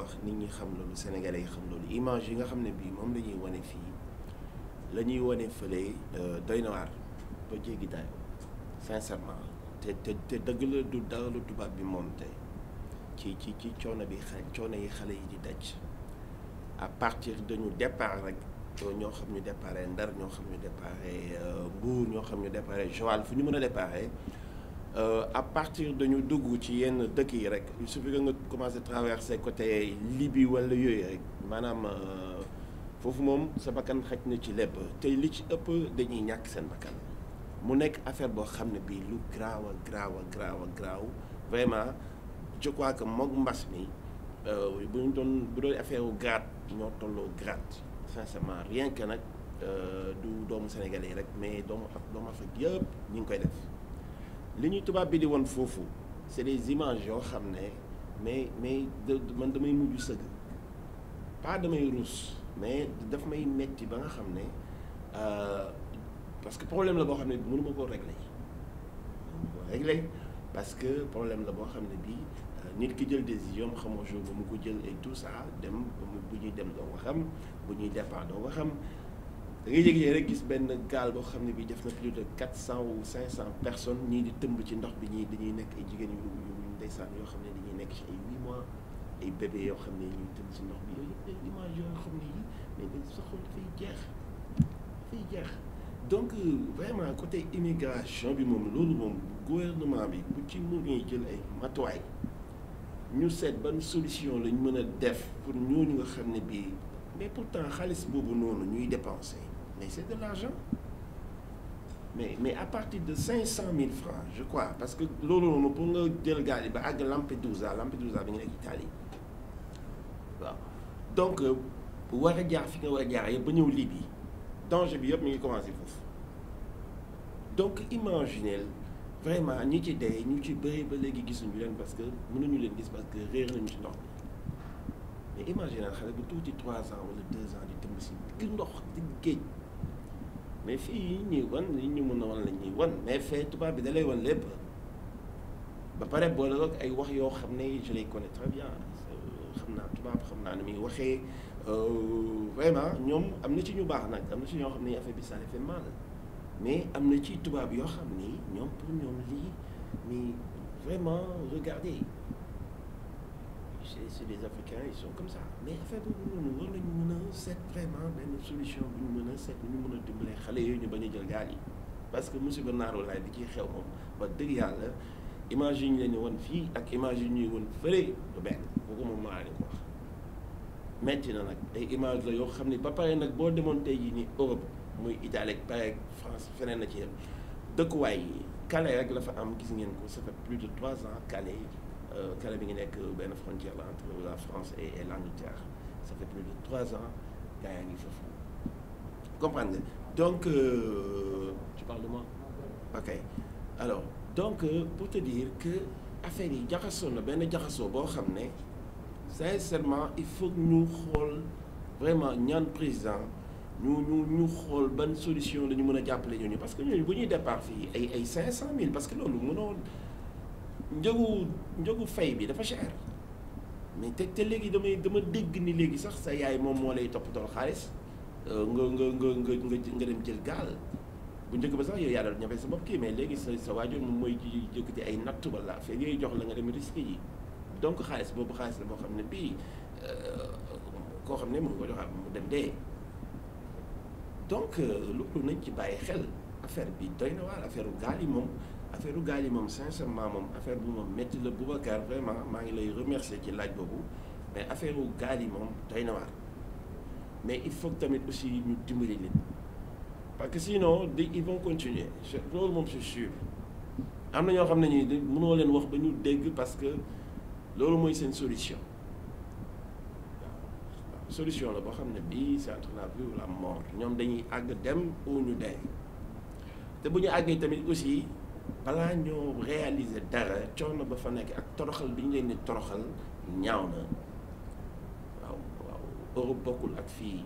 wax nit ñi xam loolu sénégalais yi xam loolu image yi nga xam ne bii moom lañuy ñuy wane fii la ñuy wane fële euh, doy na waar ba jéggi daay sincèrement te te te dëgg la du dara lu tubaab bi moom tey ci ci ci coono bi xale coono yi xale yi di daj à partir dañu départ rek euh, ñoo xam ñu déparé Ndar ñoo xam ñu déparé euh, Mbour ñoo xam ñu déparé Joal fu ñu mën a déparé Euh, à partir dañu dugg ci yenn dëkk yi rek il suffit que nga commencé traverser côté Libye wala yooyu rek maanaam euh, foofu moom sa bakkan xaj na ci lépp te li ci ëpp dañuy ñàkk seen bakkan mu nekk affaire boo xam ne bii lu graaw a graaw a graaw a graaw vraiment je crois que moog mbas mi euh, bu ñu doon bu doon affaire wu grade ñoo tolloo grade sincèrement rien que nag du doomu Sénégalais rek mais doomu doomu Afrique yëpp ñu ngi koy def. li ñuy tubaab bi di woon foofu c'est des images yoo xam ne mais mais man damay mujj sëgg pas damay ruus mais daf may metti ba nga xam ne euh, parce que problème la boo xam ne bi mënu ma koo régler mënu ma parce que problème la boo xam ne bii euh, nit ki jël décision xamoo jour ba mu ko jël et tout ça dem bu ñuy dem doo ko xam bu ñuy départ doo ko xam da ngay rek gis benn gaal boo xam ne bi def na plus de quatre cent ou cinq cent personnes ñii di tëmb ci ndox bi ñii dañuy nekk ay jigéen yu yu ndeysaan yoo xam ne dañuy nekk ci ay huit mois ay bébé yoo xam ne ñuy tëmb ci ndox bi yooyu yëpp des images yoo xam ne yi jeex dafay jeex donc euh, vraiment côté immigration bi moom loolu moom gouvernement bi bu ci mënee jël ay matuwaay ñu seet ban solution lañ mën a def pour ñooñu nga xam ne bii mais pourtant xalis boobu noonu ñuy dépenser mais c'est de l'argent mais mais à partir de cinq cent mille francs je crois parce que loolu noonu pour nga jël gaal yi ba àgg Lampedusa Lampedusa bi nga nekk Italie waaw bu euh, war a jaar fi nga war a jaar yëpp ba ñëw Libye danger bi yëpp mi ngi commencé foofu donc imaginez vraiment ñi ci dee ñu ci bëri ba léegi gisuñu leen parce que mun nañu leen gis parce que réer nañu ci ndox mi mais imaginer xale bu tuuti trois ans wala deux ans di tëmb si digg géej mais fii yi ñuy wan ñu mën a wan la ñuy wan mais fee tubaab bi da lay lépp ba pare boole ay wax yoo xam ne je les connais très bien xam naa xam naa ni muy waxee euh, vraiment ñoom am na ci ñu baax nag am na ci ñoo xam ne affaire bi ça les fait mal mais am na ci tubaab yoo xam ni ñoom pour ñoom lii mais vraiment regardez c'est des Africains ils sont comme ça mais affaire boobu noonu war nañu mën a seet vraiment benn solution bu ñu mën a seet bu ñu mën a dimbalee xale yooyu ñu ba a jël gaal yi parce que musiba naar laay bi ciy xew moom ba dëgg yàlla image yi ñu leen woon fii ak image yi ñuy woon fële du benn kooku moom maa leen ko wax metti na nag ay image la yoo xam ne ba pare nag boo demoon tey jii nii Europe muy Italie ak Paris ak France feneen na ci yem dëkkuwaay yi Calais rek la fa am gis ngeen ko ça fait plus de trois ans kale euh, bi ngi nekk benn frontière la entre la France et et l'Angleterre ça fait plus de trois ans gars ngi foofu comprendre nga donc euh, tu donc euh, pour te dire que affaire yi jaxasoo na benn jaxasoo boo xam ne sincèrement il faut ñu xool vraiment ñaan président ñu ñu ñu xool ban solution la ñu mën a jàppale ñooñu parce que ñooñu bu ñuy départ fii ay ay cinq cent mille parce que loolu mënoo njëgu njëgu fay bi dafa cher mais te te léegi damay dama dégg ni léegi sax sa yaay moom moo lay toppatoo xaalis euh, nga nga nga nga nga dem jël gaal bu njëkk ba sax yow yaa doon ñafe sa bopp kii mais léegi sa sa waajur moom mooy jëkkati ay natt wala affaire yooyu jox la nga dem risque yi donc xaalis boobu xaalis la boo xam ne bii euh, koo xam ne mën nga joxaat mu dem dee donc euh, loolu nañ ci bàyyi xel affaire bi doy na waar affaire gaal yi moom. affaire u gaal yi moom sincèrement moom affaire bu moom metti la Boubacar vraiment maa ngi lay remercier ci laaj boobu mais affaire u gaal yi moom doy na waar mais il faut tamit aussi ñu dimbali nit parce que sinon di ils vont continuer loolu moom c'est sûr am na ñoo xam ne ñi mënoo leen wax ba ñu dégg parce que loolu mooy seen solution solution la boo xam ne bii c'est entre la vie ou la mort ñoom dañuy àgg dem ou ñu dee te bu ñu àggee tamit aussi balaa ñoo réaliser dara coono ba fa nekk ak toroxal bi ñu leen di toroxal ñaaw na waaw waaw Europe bokkul ak fii